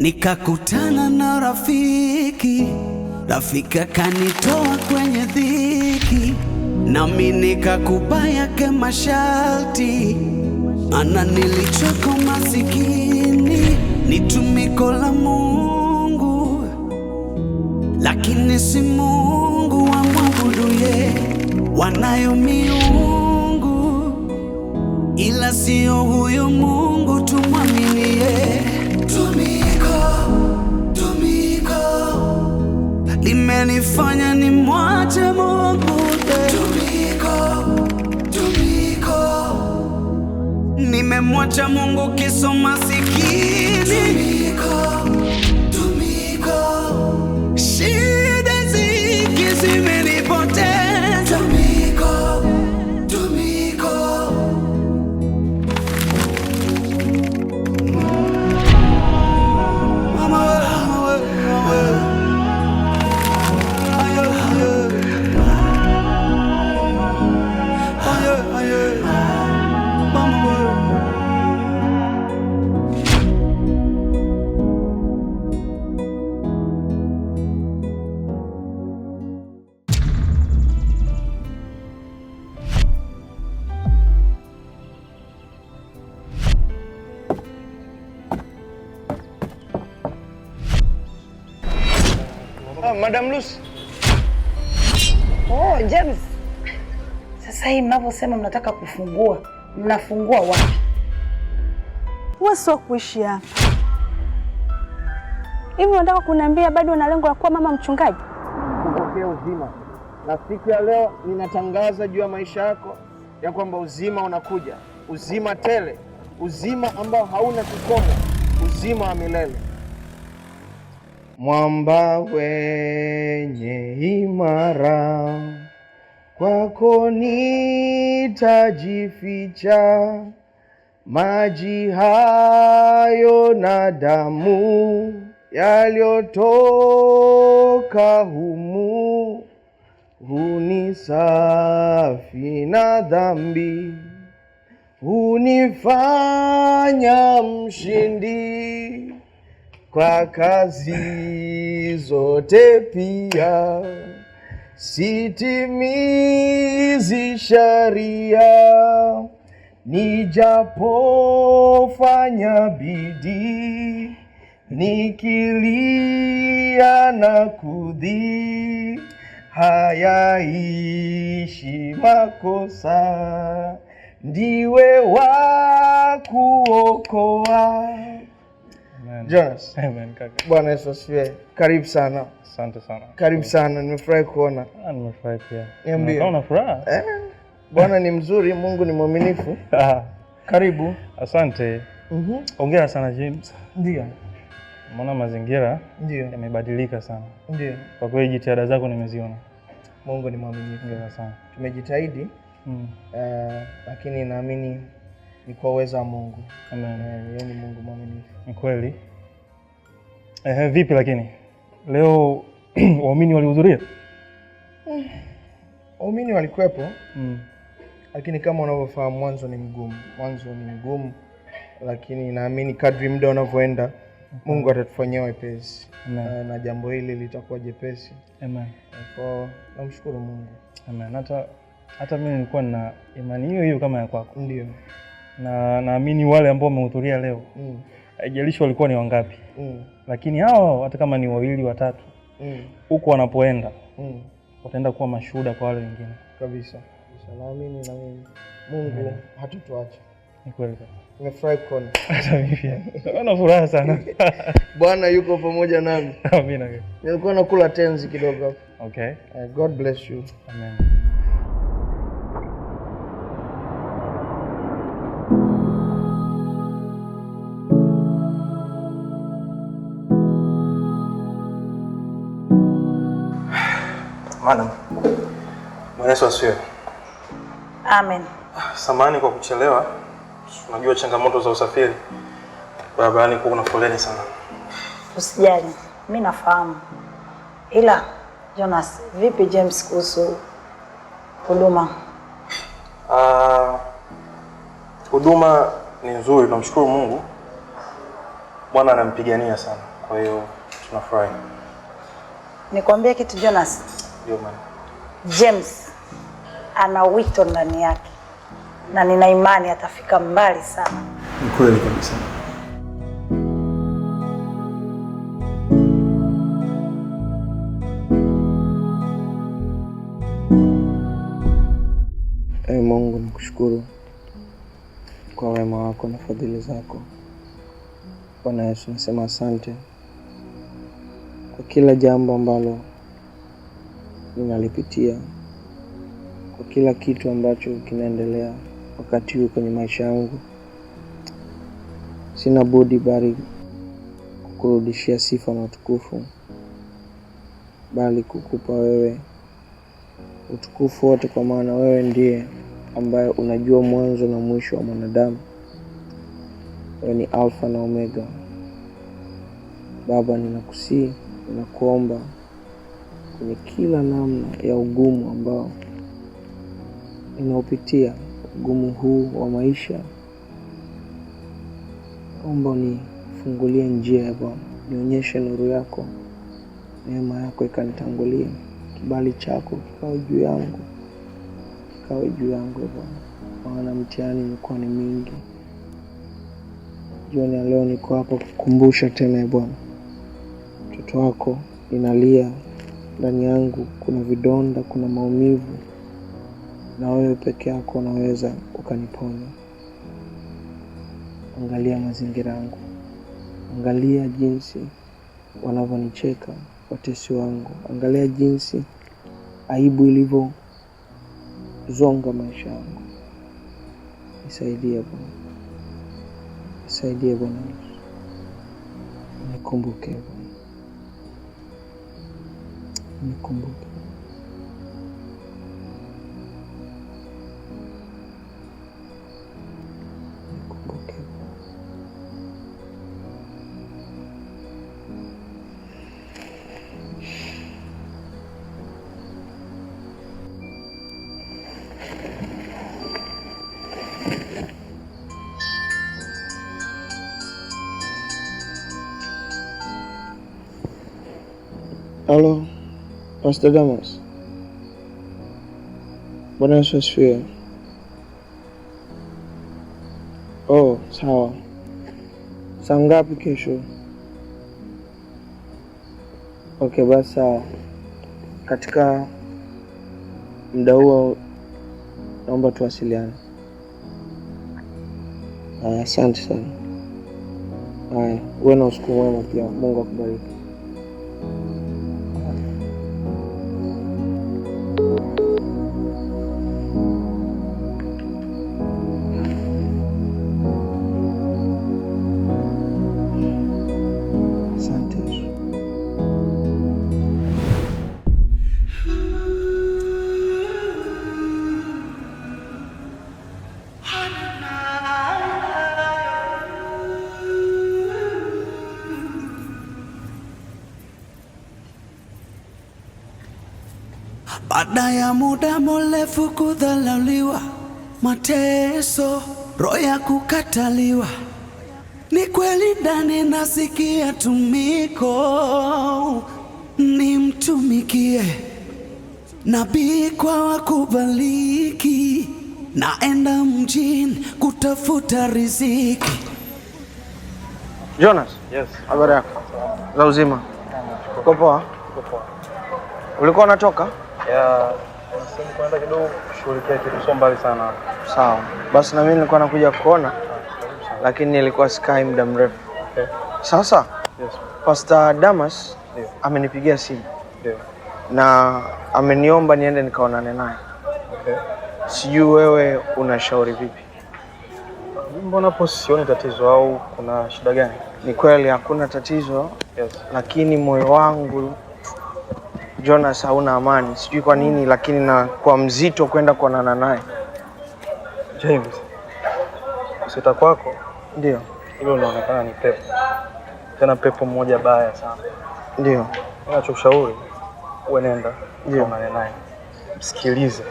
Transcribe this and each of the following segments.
Nikakutana na rafiki, rafiki akanitoa kwenye dhiki, nami nikakubali yake masharti, ana nilichoko masikini, ni tumiko la Mungu, lakini si Mungu wamwabuduye, wanayo miungu, ila siyo huyo Mungu tumwaminie. Tumie limenifanya ni mwache Mungu Tumiko, Tumiko, nimemwacha Mungu kisomasi mnasema mnataka kufungua, mnafungua wapi? Huwa sio kuishi hapa. Hivi unataka kuniambia bado una lengo la kuwa mama mchungaji? Kupokea uzima, na siku ya leo ninatangaza juu ya maisha yako ya kwamba uzima unakuja, uzima tele, uzima ambao hauna kikomo, uzima wa milele. Mwamba wenye imara Kwako nitajificha, maji hayo na damu yaliyotoka humu hunisafi na dhambi, hunifanya mshindi kwa kazi zote pia sitimizi sharia, nijapofanya bidii, nikilia na kudhi, hayaishi makosa, ndiwe wa kuokoa Jonas. Amen kaka. Bwana Yesu asifiwe. Karibu sana. Asante sana. Karibu sana. Nimefurahi kuona. Ah, nimefurahi pia. Niambie. Naona furaha. Eh. Bwana ni mzuri, Mungu ni mwaminifu. Ah. Karibu. Asante. Mhm. Mm, sana James. Ndio. Maana mazingira ndio yamebadilika sana. Ndio. Kwa kweli jitihada zako nimeziona. Mungu ni mwaminifu. Ndio sana. Tumejitahidi. Mm. Uh, lakini naamini ni kwa uwezo wa Mungu. Amen. Eh, yeye ni Mungu mwaminifu. Ni kweli. Ehe, vipi lakini leo waumini walihudhuria? Eh, waumini walikuwepo, mm. Lakini kama unavyofahamu mwanzo ni mgumu, mwanzo ni mgumu, lakini naamini kadri muda unavyoenda mm-hmm. Mungu atatufanyia wepesi na, eh, na jambo hili litakuwa jepesi. Amen. Eh, kwa namshukuru Mungu. Amen. Hata hata mimi nilikuwa na imani hiyo hiyo kama ya kwako. Ndio. Na naamini wale ambao wamehudhuria leo mm haijalishi walikuwa ni wangapi mm. Lakini hao hata kama ni wawili watatu huko mm. wanapoenda mm. wataenda kuwa mashuhuda kwa wale wengine kabisa. Naamini na mimi Mungu yeah. hatutuacha ni kweli nimefurahi kuona. Hata mimi pia. Naona furaha sana. Bwana yuko pamoja nami. Amina. Nilikuwa nakula tenzi kidogo hapo. Okay. Uh, God bless you. Amen. Hapana. Bwana Yesu asifiwe. Amen. Samahani kwa kuchelewa, unajua changamoto za usafiri barabarani, kuna foleni sana. Usijali, mi nafahamu. Ila Jonas, vipi James kuhusu huduma? Ah, huduma uh, ni nzuri, tunamshukuru Mungu, Bwana anampigania sana, kwa hiyo tunafurahi. Nikwambie kitu Jonas James ana wito ndani yake na nina imani atafika mbali sana. Ni kweli kabisa. Ee Mungu, nakushukuru kwa wema wako na fadhili zako. Bwana Yesu, nasema asante kwa kila jambo ambalo ninalipitia, kwa kila kitu ambacho kinaendelea wakati huu kwenye maisha yangu, sina budi bali kukurudishia sifa na utukufu, bali kukupa wewe utukufu wote, kwa maana wewe ndiye ambaye unajua mwanzo na mwisho wa mwanadamu. Wewe ni Alfa na Omega. Baba, ninakusii, ninakuomba kwenye kila namna ya ugumu ambao inaopitia Ugumu huu wa maisha, naomba unifungulie njia ya Bwana, nionyeshe nuru yako, neema yako ikanitangulia, kibali chako kikawe juu yangu, kikawe juu yangu Bwana, maana mtiani imekuwa ni mingi. Jioni ya leo niko hapa kukumbusha tena, Bwana, mtoto wako inalia ndani yangu kuna vidonda, kuna maumivu, na wewe peke yako unaweza ukaniponya. Angalia mazingira yangu, angalia jinsi wanavyonicheka watesi wangu, angalia jinsi aibu ilivyozonga maisha yangu. Nisaidie Bwana, nisaidie Bwana, nikumbuke. nikumbuke. Ya. Halo. Nostradamus. Bwana Yesu asifiwe. Oh, sawa. Saa ngapi kesho? Okay, basi sawa. Katika muda huo naomba tuwasiliane. Asante sana. Haya, uwe na usiku mwema pia. Mungu akubariki. muda mrefu kudhalauliwa, mateso, roho ya kukataliwa. Ni kweli ndani nasikia tumiko, nimtumikie nabii kwa wakubaliki, naenda mjini kutafuta riziki. Jonas, yes. Habari yako za uzima? Uko poa? Ulikuwa unatoka? Yeah kwenda kidogo kushughulikia kitu, sio mbali sana. Sawa, basi na mimi nilikuwa nakuja kuona, ah, lakini nilikuwa sikai muda mrefu. Okay. Sasa yes. Pastor Damas amenipigia simu na ameniomba niende nikaonane naye okay. Sijui wewe unashauri vipi? Mbona hapo sioni tatizo, au kuna shida gani? Ni kweli hakuna tatizo yes. Lakini moyo wangu Jonas hauna amani, sijui kwa nini, lakini na kwa mzito kwenda kuonana naye. James, kusita kwako ndio hilo linaonekana ni pepo, tena pepo mmoja baya sana. Ndio nachoshauri uwe, nenda uonane naye, msikilize,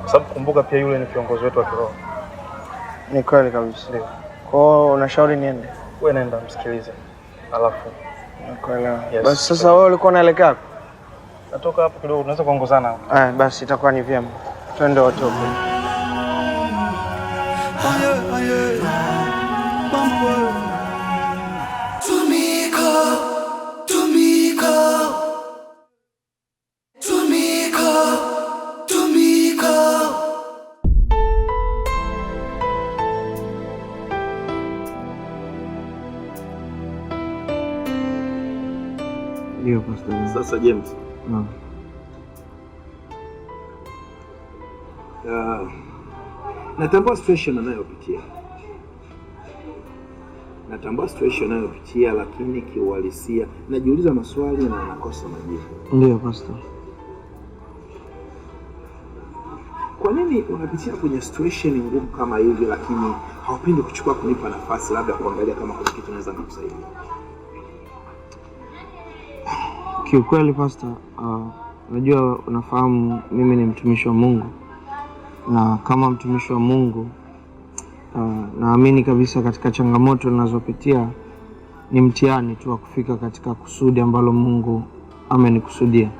kwa sababu kumbuka pia yule ni kiongozi wetu wa kiroho. Ni kweli kabisa. Ndio kwao, unashauri niende? Uwe nenda msikilize, alafu Yes. Basi sasa wewe ulikuwa unaelekea wapi? Natoka hapo kidogo, tunaweza kuongozana. Eh, basi itakuwa ni vyema. Twende wote huko. Sasa James, Uh, natambua situation anayopitia, natambua situation anayopitia, lakini kiuhalisia najiuliza maswali na nakosa majibu. Ndio pastor, kwa nini unapitia kwenye situation ngumu kama hivi, lakini haupendi kuchukua kunipa nafasi labda kuangalia kama kuna kitu naweza nikakusaidia? Kiukweli Pasta, uh, unajua uh, unafahamu mimi ni mtumishi wa Mungu, na kama mtumishi wa Mungu uh, naamini kabisa katika changamoto ninazopitia ni mtihani tu wa kufika katika kusudi ambalo Mungu amenikusudia.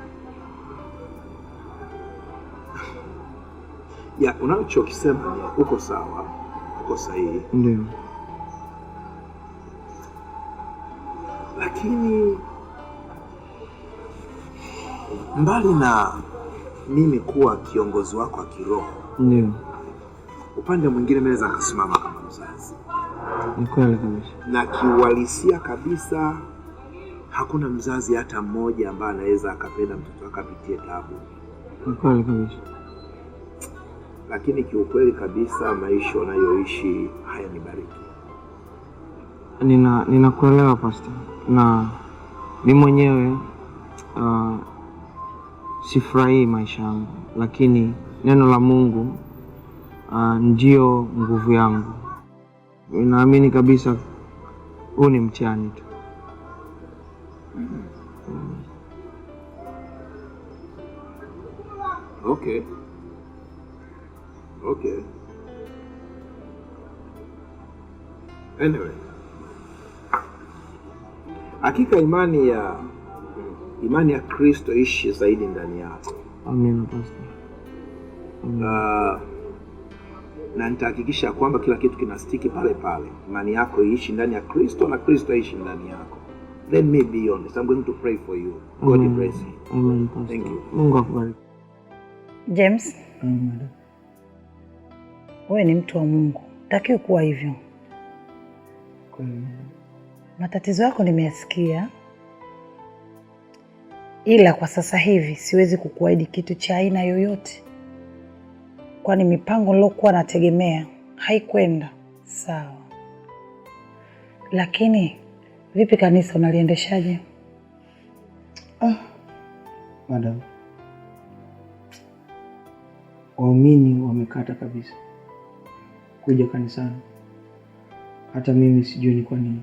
Ya, unachokisema ni uko sawa, uko sahihi, ndio, lakini mbali na mimi kuwa kiongozi wako wa kiroho, ndio upande mwingine naweza akasimama kama mzazi. Ni kweli kabisa, na kiuhalisia kabisa hakuna mzazi hata mmoja ambaye anaweza akapenda mtoto wake apitie taabu. Ni kweli kabisa, lakini kiukweli kabisa maisha unayoishi haya ni bariki. Nina ninakuelewa Pastor, na mi mwenyewe uh, sifurahii maisha yangu, lakini neno la Mungu uh, ndio nguvu yangu. Naamini kabisa huu ni mtihani tu. Mm-hmm. Okay. Okay. Anyway. Hakika imani ya imani ya kristo ishi zaidi ndani yako Amen, pastor. Na, ah, na nitahakikisha kwamba kila kitu kinastiki pale pale imani yako iishi ndani ya kristo na kristo aishi ndani yako let me be honest i'm going to pray for you god bless you Amen, pastor. thank you mungu akubariki james Amen. wewe ni mtu wa mungu takiwe kuwa hivyo Amen. matatizo yako nimeyasikia ila kwa sasa hivi siwezi kukuahidi kitu cha aina yoyote, kwani mipango nilokuwa nategemea haikwenda sawa. Lakini vipi, kanisa unaliendeshaje? Oh. madam, waumini wamekata kabisa kuja kanisani. Hata mimi sijui ni kwa nini.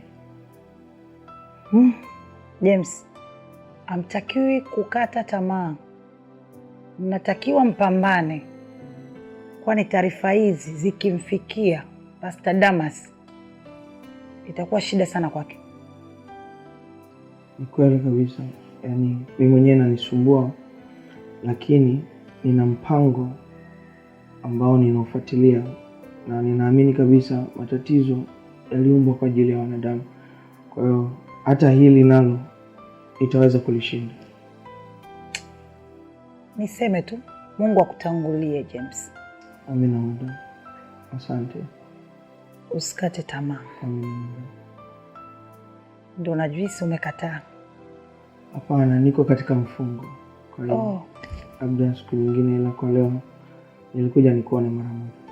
Hmm, James hamtakiwi kukata tamaa, mnatakiwa mpambane, kwani taarifa hizi zikimfikia Pastor Damas itakuwa shida sana kwake. Ni kweli kabisa, yaani mimi mwenyewe nanisumbua, lakini nina mpango ambao ninaofuatilia na ninaamini kabisa matatizo yaliumbwa kwa ajili ya wanadamu. Kwa hiyo hata hili nalo itaweza kulishinda. Niseme tu Mungu akutangulie James. Amina madam, asante. Usikate tamaa. Amina. Ndio najisi umekataa. Hapana, niko katika mfungo, kwa hiyo oh. labda oh, siku nyingine, ila kwa leo nilikuja nikuone mara moja.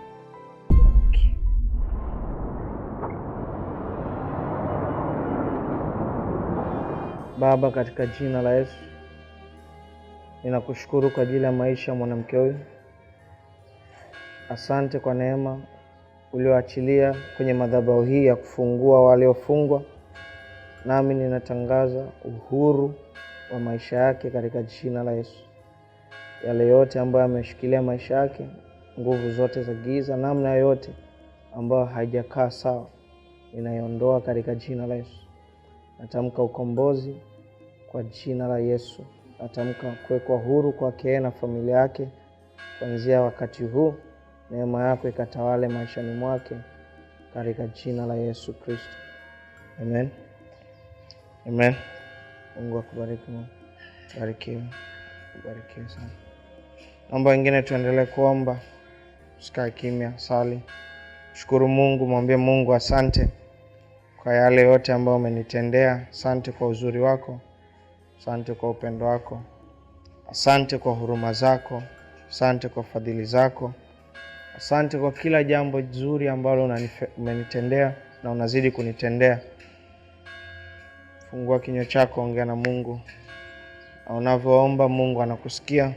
Baba, katika jina la Yesu ninakushukuru kwa ajili ya maisha ya mwanamke huyu. Asante kwa neema ulioachilia kwenye madhabahu hii ya kufungua waliofungwa, nami ninatangaza uhuru wa maisha yake katika jina la Yesu. Yale yote ambayo ameshikilia maisha yake, nguvu zote za giza, namna yoyote ambayo haijakaa sawa, ninaiondoa katika jina la Yesu. Natamka ukombozi kwa jina la Yesu. Natamka kuwekwa huru kwake na familia yake kuanzia wakati huu. Neema yako ikatawale maishani mwake katika jina la Yesu Kristo, amen, amen. Mungu akubariki, barikiwe, barikiwe sana. Naomba wengine tuendelee kuomba, usikae kimya, sali, shukuru Mungu, mwambie Mungu asante kwa yale yote ambayo umenitendea. Asante kwa uzuri wako, asante kwa upendo wako, asante kwa huruma zako, asante kwa fadhili zako, asante kwa kila jambo zuri ambalo umenitendea na unazidi kunitendea. Fungua kinywa chako, ongea na Mungu, na unavyoomba Mungu anakusikia,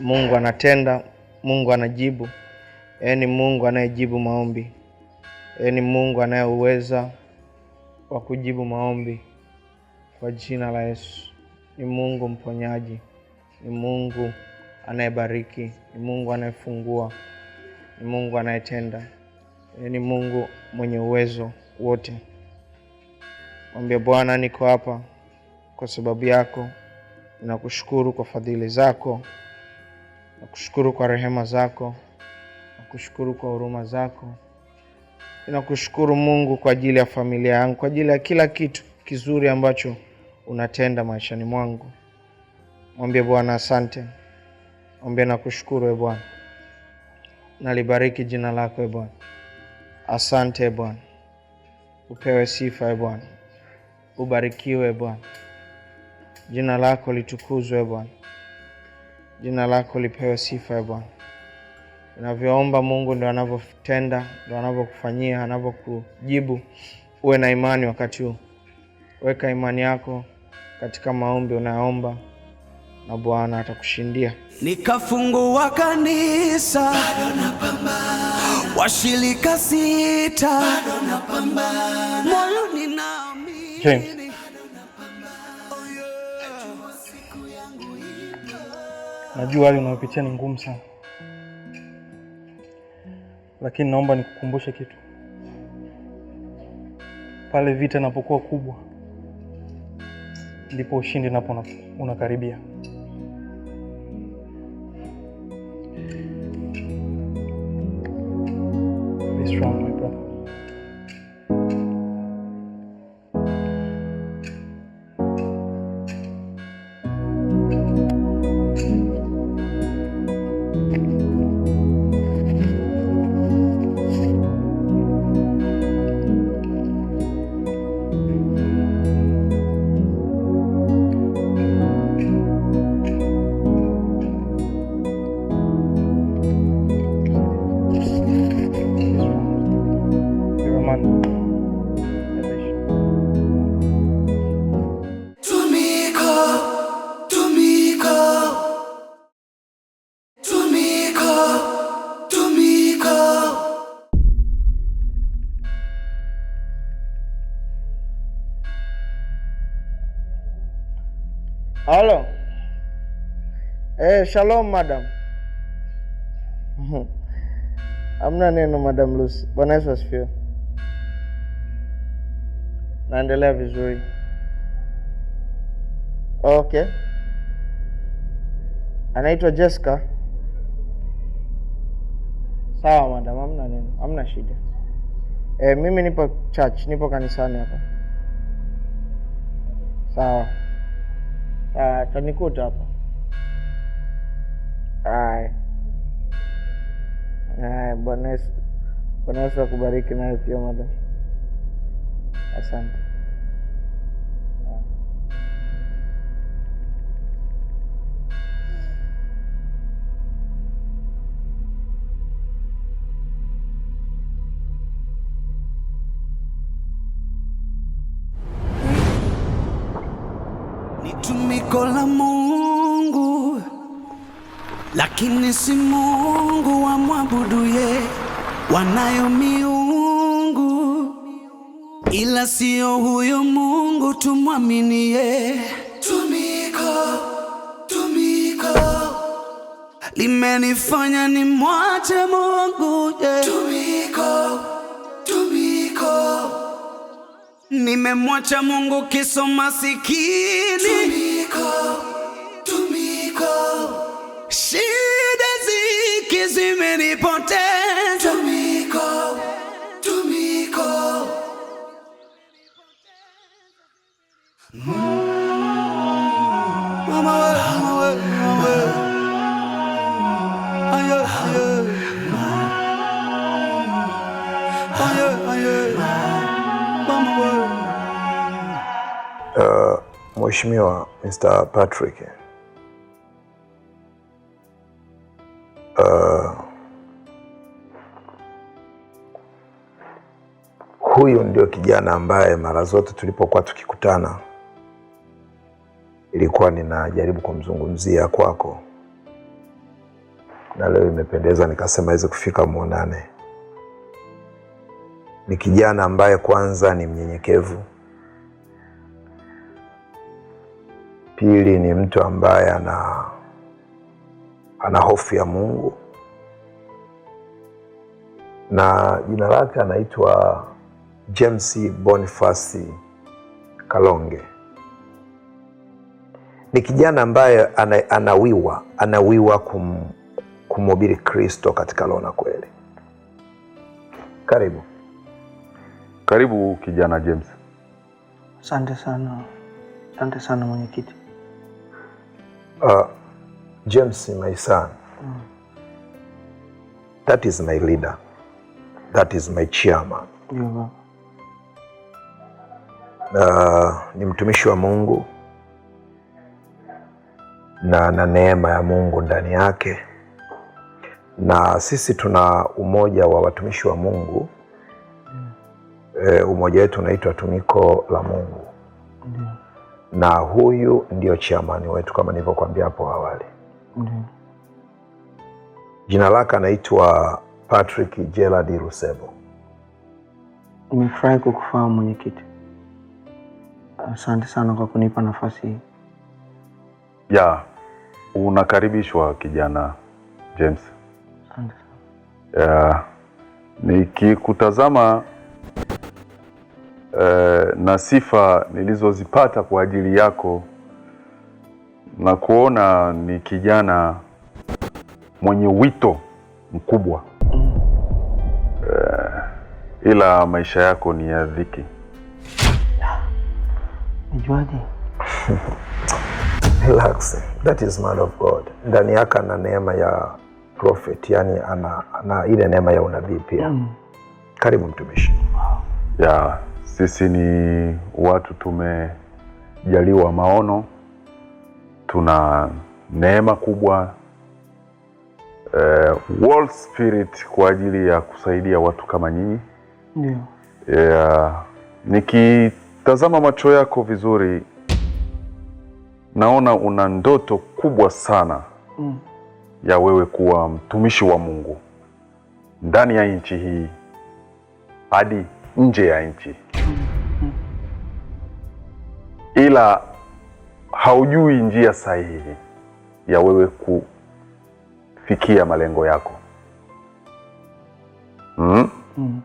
Mungu anatenda, Mungu anajibu. ni yaani Mungu anayejibu maombi. Yeye ni Mungu anayeuweza wa kujibu maombi. Kwa jina la Yesu, ni Mungu mponyaji, ni Mungu anayebariki, ni Mungu anayefungua, ni Mungu anayetenda. Yeye ni Mungu mwenye uwezo wote. Mwambie Bwana, niko hapa kwa sababu yako. Nakushukuru kwa fadhili zako, nakushukuru kwa rehema zako, nakushukuru kwa huruma zako. Ninakushukuru Mungu kwa ajili ya familia yangu, kwa ajili ya kila kitu kizuri ambacho unatenda maishani mwangu. Mwambie Bwana asante, mwambie nakushukuru, e Bwana, nalibariki jina lako e Bwana, asante e Bwana, upewe sifa e Bwana, ubarikiwe e Bwana, jina lako litukuzwe e Bwana, jina lako lipewe sifa e Bwana. Unavyoomba Mungu ndo anavyotenda, ndo anavyokufanyia, anavyokujibu. Uwe na imani wakati huu, weka imani yako katika maombi unayoomba na Bwana atakushindia. Nikafungua kanisa, washirika sita, bado moyo ninaamini, najua hali unayopitia ni ngumu sana lakini naomba nikukumbushe kitu. Pale vita inapokuwa kubwa, ndipo ushindi napo unakaribia. Halo. Eh, shalom madam. Amna neno madam Lucy. Bwana Yesu asifiwe. Naendelea vizuri. Okay. Anaitwa Jessica. Sawa madam, amna neno, amna shida. Eh, mimi nipo church, nipo kanisani hapa. Sawa. Uh, tanikuta hapa haya. Haya, Bwana Yesu akubariki nayo pia madam, asante. Basi Mungu wamwabuduye, wanayo miungu ila siyo huyo Mungu tumwaminie. Tumiko, tumiko limenifanya ni mwache Mungu ye. Tumiko, tumiko nimemwacha Mungu kiso masikini. Tumiko. omnipotent. Tumico, Tumico. I'm away, i Aye, aye. Aye, aye. Uh, Mheshimiwa Mr. Patrick huyu ndio kijana ambaye mara zote tulipokuwa tukikutana ilikuwa ninajaribu kumzungumzia kwako, na leo imependeza nikasema iweze kufika mwonane. Ni kijana ambaye kwanza ni mnyenyekevu, pili ni mtu ambaye ana ana hofu ya Mungu na jina lake anaitwa James Bonifasi Kalonge ni kijana ambaye anawiwa anawiwa kum, kumhubiri Kristo katika roho na kweli. Karibu karibu kijana James. Asante sana, asante sana mwenyekiti. Uh, James my son. Mm. That is my leader. That is my chairman. Yeah uh, ni mtumishi wa Mungu na na neema ya Mungu ndani yake, na sisi tuna umoja wa watumishi wa Mungu mm. E, umoja wetu unaitwa Tumiko la Mungu mm. na huyu ndio chiamani wetu kama nilivyokuambia hapo awali mm. Jina lake anaitwa Patrick Gerald Rusebo. Nimefurahi kukufahamu mwenyekiti. Asante sana kwa kunipa nafasi hii. Ya, unakaribishwa kijana James. Asante sana. Ya, nikikutazama eh, na sifa nilizozipata kwa ajili yako na kuona ni kijana mwenye wito mkubwa. Mm. Eh, ila maisha yako ni ya dhiki. Nijuaje? Relax. That is man of God. Ndani yake ana neema ya prophet, yani ana, ana ile neema ya unabii pia. Mm. Karibu mtumishi. Ya, sisi ni watu tumejaliwa maono, tuna neema kubwa eh, World Spirit kwa ajili ya kusaidia watu kama nyinyi. Ndio. Yeah. Niki Tazama macho yako vizuri, naona una ndoto kubwa sana mm. ya wewe kuwa mtumishi wa Mungu ndani ya nchi hii hadi nje ya nchi mm. ila haujui njia sahihi ya wewe kufikia malengo yako mm? Mm.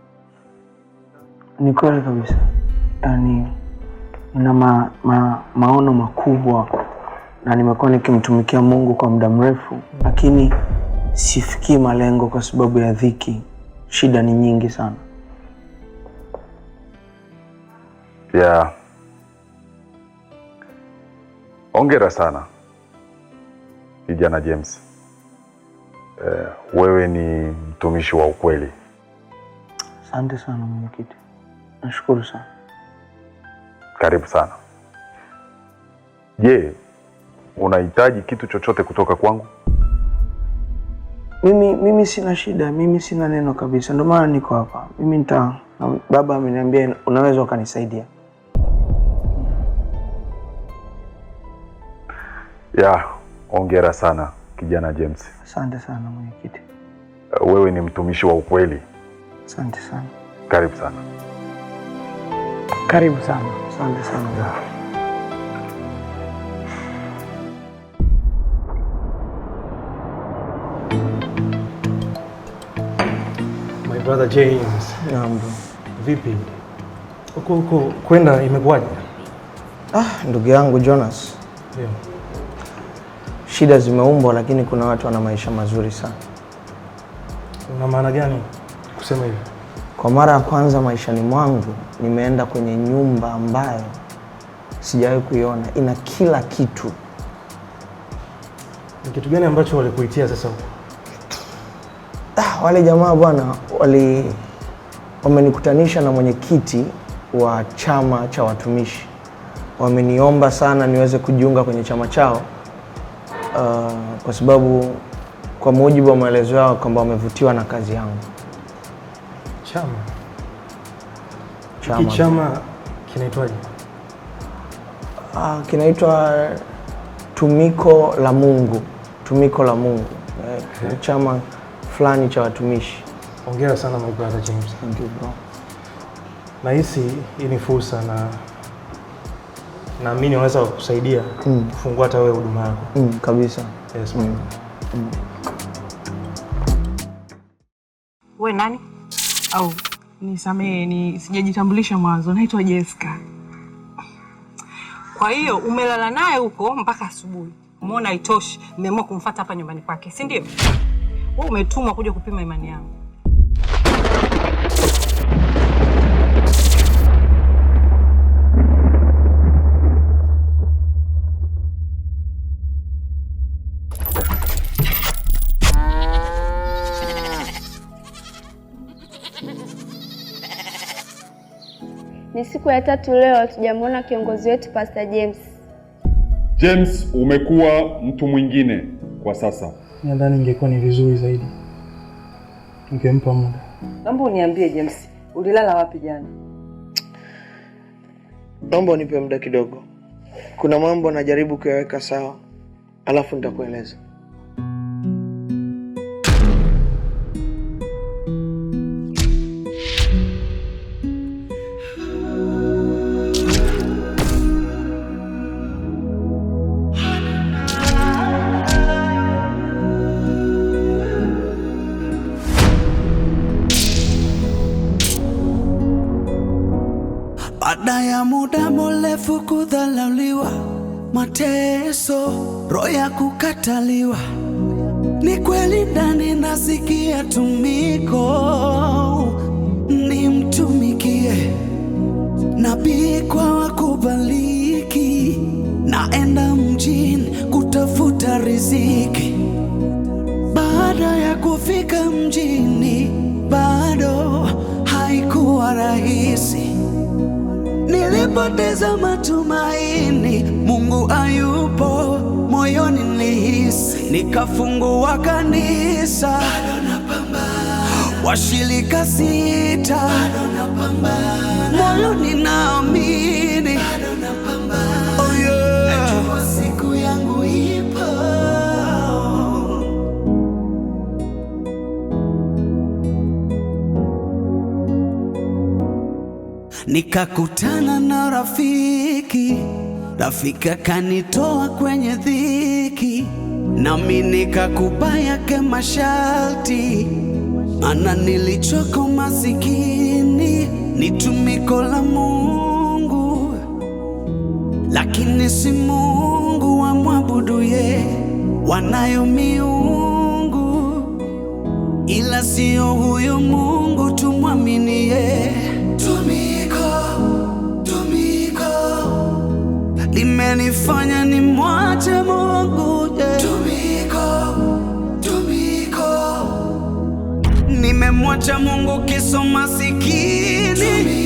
Ni kweli kabisa yani na ma, ma, maono makubwa na nimekuwa nikimtumikia Mungu kwa muda mrefu, lakini sifikii malengo kwa sababu ya dhiki. Shida ni nyingi sana. Yeah. Ongera sana kijana James. Uh, wewe ni mtumishi wa ukweli. Asante sana mwenyekiti, nashukuru sana. Karibu sana. Je, unahitaji kitu chochote kutoka kwangu? Mimi mimi sina shida, mimi sina neno kabisa, ndio maana niko hapa. Mimi nita baba ameniambia unaweza ukanisaidia. Ya, ongera sana kijana James. Asante sana mwenyekiti. Wewe ni mtumishi wa ukweli. Asante sana. Karibu sana. Karibu sana. Asante sana My brother James. Naam. Vipi? Huko huko kwenda imekuwaje? Ah, ndugu yangu Jonas. Yeah. Shida zimeumbwa lakini kuna watu wana maisha mazuri sana. Una maana gani kusema hivyo? Kwa mara ya kwanza maishani mwangu nimeenda kwenye nyumba ambayo sijawahi kuiona, ina kila kitu. Ni kitu gani ambacho walikuitia sasa huko? Ah, wale jamaa bwana wali wamenikutanisha na mwenyekiti wa chama cha watumishi, wameniomba sana niweze kujiunga kwenye chama chao uh, kwa sababu kwa mujibu wa maelezo yao kwamba wamevutiwa na kazi yangu. Chama chama, hiki chama kinaitwaje? Ah, kinaitwa Tumiko la Mungu, Tumiko la Mungu. Okay. Eh, chama fulani cha watumishi. Hongera sana Mwibrata James. Thank you bro. Nahisi hii ni fursa na naamini unaweza kusaidia mm. kufungua hata wewe huduma yako mm, kabisa. Yes, mm. Mm. Wewe nani? au nisamehe, ni sijajitambulisha mwanzo, naitwa Jessica. Kwa hiyo umelala naye huko mpaka asubuhi, umeona haitoshi, nimeamua kumfuata hapa nyumbani kwake, si ndio? Wewe umetumwa kuja kupima imani yangu. Ni siku ya tatu leo hatujamwona kiongozi wetu Pastor James. James, umekuwa mtu mwingine kwa sasa. Nadhani ingekuwa ni vizuri zaidi ungempa muda. Naomba uniambie James, ulilala wapi jana? Naomba unipe muda kidogo, kuna mambo najaribu kuyaweka sawa, alafu nitakueleza. Baada ya muda mrefu kudhalauliwa, mateso, roho ya kukataliwa, ni kweli ndani nasikia tumiko, nimtumikie nabii kwa wakubaliki, naenda mjini kutafuta riziki. Baada ya kufika mjini, bado haikuwa rahisi Nilipoteza matumaini, Mungu ayupo moyoni, nilihisi nikafungua kanisa, washirika sita, moyoni naamini oh yeah. Nikakutana na rafiki, rafiki akanitoa kwenye dhiki, nami nikakupa yake masharti, maana nilichoka masikini, ni tumiko la Mungu, lakini si Mungu wamwabuduye, wanayo miungu, ila siyo huyo Mungu tumwaminie. Umenifanya ni mwache Mungu, yeah. Tumiko, Tumiko. Nimemwacha Mungu, kiso tumiko.